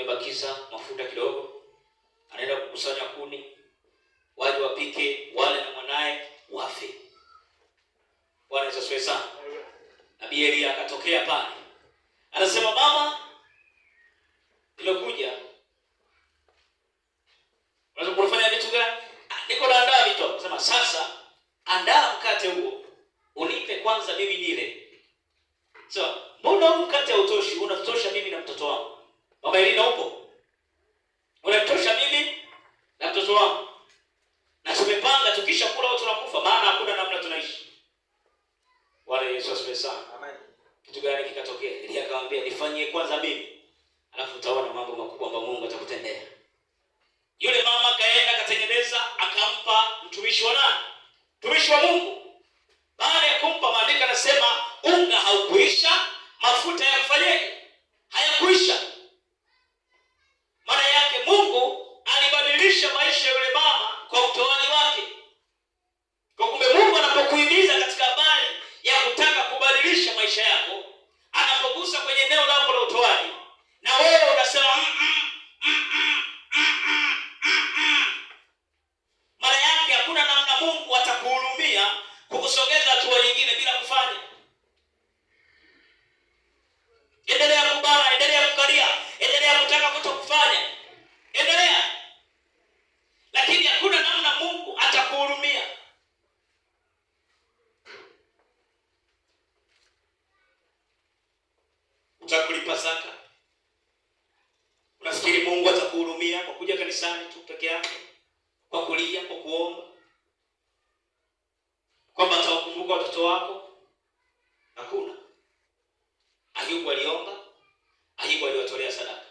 amebakiza mafuta kidogo, anaenda kukusanya kuni, waje wapike, wale na mwanaye wafe. Bwana Yesu asifiwe sana. Nabii Elia akatokea pale, anasema mama, unaweza kufanya vitu gani? Ah, niko naandaa vitu. Anasema sasa akamwambia nifanyie kwanza mimi, alafu utaona mambo makubwa ambayo Mungu atakutendea. Yule mama kaenda akatengeneza, akampa mtumishi wa nani? Mtumishi wa Mungu. Baada ya kumpa, maandiko anasema unga haukuisha, mafuta hayakufanyeje? Hayakuisha. kanisani tu peke yake, kwa kulia, kwa kuomba, kwamba atawakumbuka watoto wako? Hakuna. Ayubu aliomba, Ayubu aliwatolea sadaka.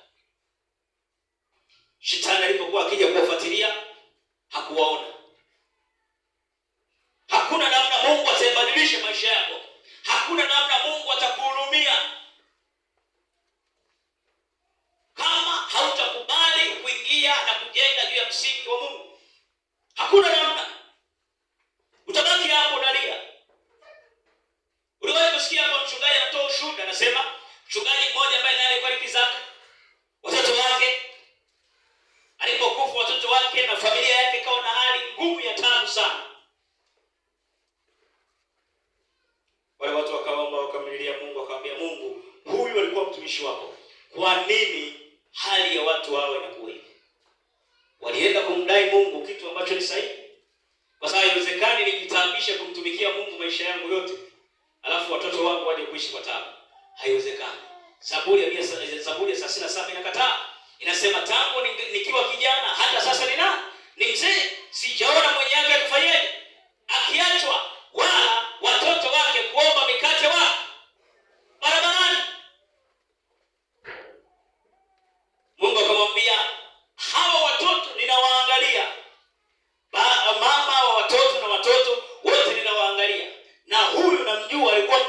Shetani alipokuwa akija kuwafuatilia hakuwaona. Hakuna namna Mungu atabadilisha maisha yako, hakuna namna Mungu atakuhurumia. kuingia na kujenga juu ya msingi wa Mungu. Hakuna namna, utabaki hapo nalia. Uliwahi kusikia kwa mchungaji anatoa ushuhuda, anasema mchungaji ambacho ni sahihi, kwa sababu haiwezekani nijitaabishe kumtumikia Mungu maisha yangu yote alafu watoto wangu waje kuishi kwa taabu. Haiwezekani. Zaburi ya eh, Zaburi ya 37 inakataa, inasema tangu nikiwa kijana hata sasa ninao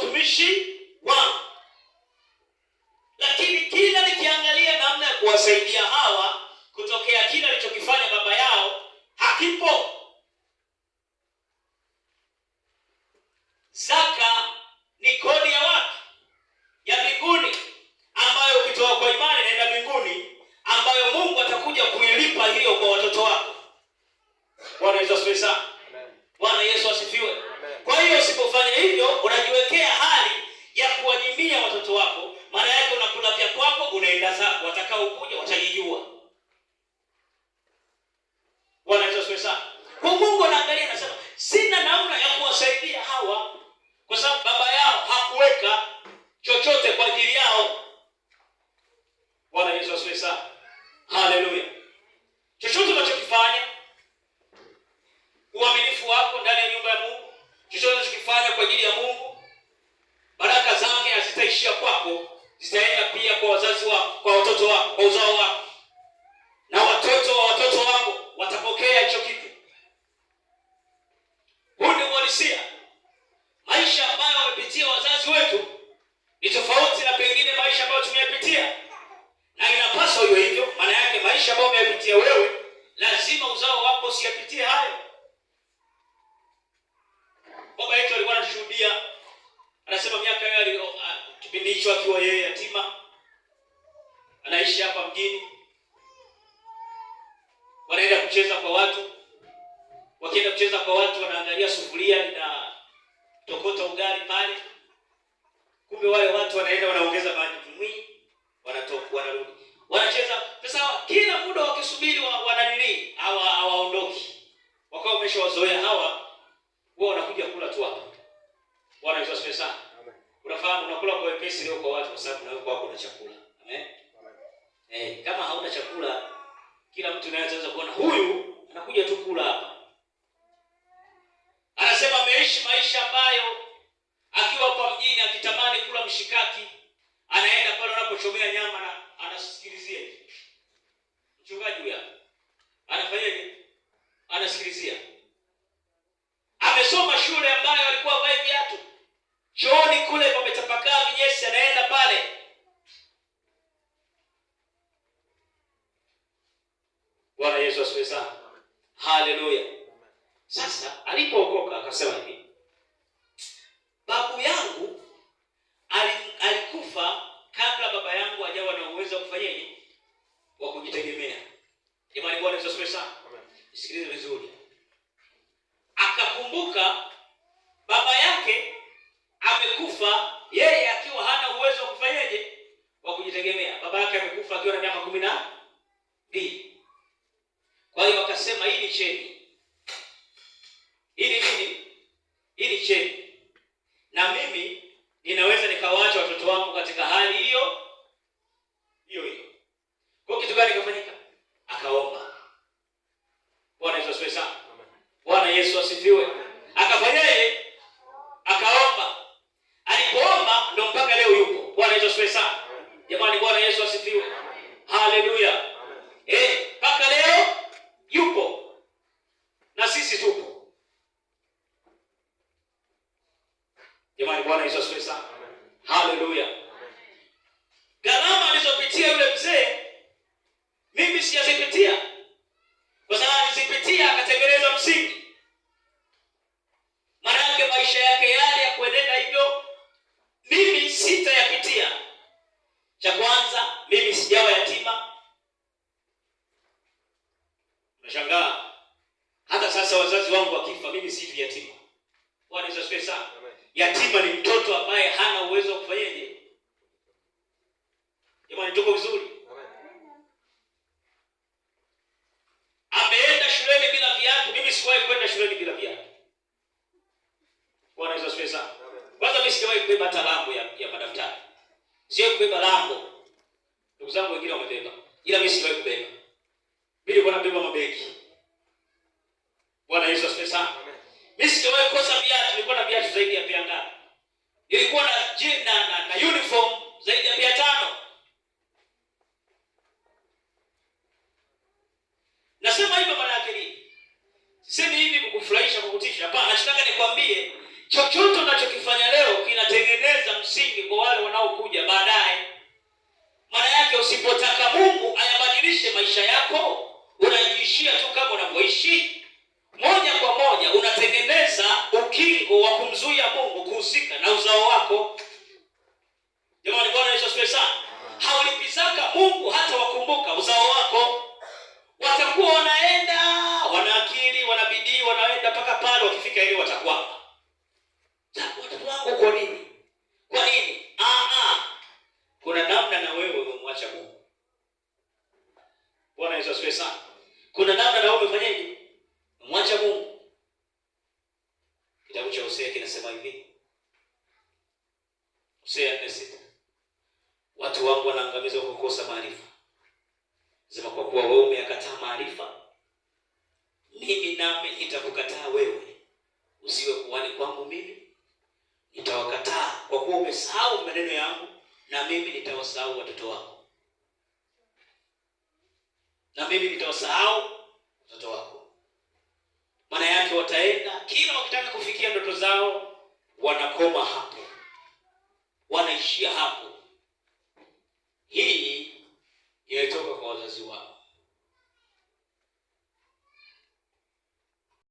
watumishi watakaokuja wataijua. Bwana Yesu asifiwe Kwa Mungu anaangalia anasema, sina namna ya kuwasaidia hawa kwa sababu baba yao hakuweka chochote kwa ajili yao. Bwana Yesu asifiwe saa Haleluya. Chochote uhalisia. Maisha ambayo wamepitia wazazi wetu ni tofauti na pengine maisha ambayo tumeyapitia, na inapaswa hiyo hivyo. Maana yake maisha ambayo umeyapitia wewe, lazima uzao wako usiyapitie hayo. Baba yetu alikuwa anashuhudia, anasema miaka hiyo uh, kipindi hicho akiwa yeye yatima, anaishi hapa mjini, wanaenda kucheza kwa watu wakienda kucheza kwa watu wanaangalia sufuria na tokota ugali pale, kumbe wale watu wanaenda wanaongeza maji mwi wanatoka wanarudi wanacheza pesa, kila muda wakisubiri wananili hawa hawaondoki, wakawa wameshawazoea hawa, wao wanakuja kula tu hapa. Bwana Yesu asifiwe sana. Unafahamu, unakula kwa wepesi leo kwa watu, kwa sababu na wewe kwako una chakula. Amen. Eh, kama hauna chakula, kila mtu anayeweza kuona huyu anakuja tu kula hapa. alisoma shule ambayo alikuwa vae viatu. Chooni kule pametapakaa vinyesi, anaenda pale Bwana Yesu asifiwe sana. Haleluya. Sasa alipookoka akasema hivi, babu yangu alikufa kabla baba yangu ajawa na uwezo wa kufanyaje, wa kujitegemea. Jamani, Bwana Yesu asifiwe sana. Sikiliza vizuri baba yake amekufa akiwa na miaka kumi na mbili. Kwa hiyo wakasema hii ni cheni Jamani, Bwana Yesu asifiwe sana. Haleluya. Gharama alizopitia yule mzee mimi sijazipitia, kwa sababu alizipitia akatengeneza msingi, maana yake maisha tuko vizuri. Ameenda shuleni bila viatu. Mimi sikuwahi kwenda shuleni bila viatu. Bwana Yesu sana. Kwanza mimi sijawahi kubeba hata lango ya, ya madaftari. Sijawahi kubeba lango. Ndugu zangu wengine wamebeba. Ila mimi sijawahi kubeba. Mimi nilikuwa nabeba mabegi. Bwana Yesu asifiwe sana. Mimi sijawahi kosa viatu, nilikuwa na viatu zaidi ya 500. Nilikuwa na na, na, na uniform zaidi ya 500. Nasema hivyo maana yake nini? Sisemi hivi kukufurahisha, kukutisha. Hapana, nataka nikwambie chochote unachokifanya leo kinatengeneza msingi kwa wale wanaokuja baadaye. Maana yake usipotaka Mungu ayabadilishe maisha yako, unajiishia tu kama unavyoishi. Moja kwa moja unatengeneza ukingo wa kumzuia Mungu kuhusika na uzao wako. Jamani watakuwa wanaenda wanaakili, wanabidii, wanaenda mpaka pale, wakifika ili watakwama. Watoto wangu, kwa nini? Kwa nini? Aha, ah. kuna namna na wewe umemwacha Mungu. Bwana Yesu asifiwe sana. Kuna namna na wewe umefanyaje? Umemwacha Mungu. Kitabu cha Hosea kinasema hivi, Hosea 4:6 watu wangu wanaangamiza kwa kukosa maarifa sema, kwa kuwa wewe umeyakataa maarifa, mimi nami nitakukataa wewe, usiwe kuhani kwangu mimi. Nitawakataa kwa kuwa umesahau maneno yangu, na mimi nitawasahau watoto wako, na mimi nitawasahau watoto wako. Maana yake wataenda kila wakitaka kufikia ndoto zao, wanakoma hapo, wanaishia hapo. 也做过工程师哇。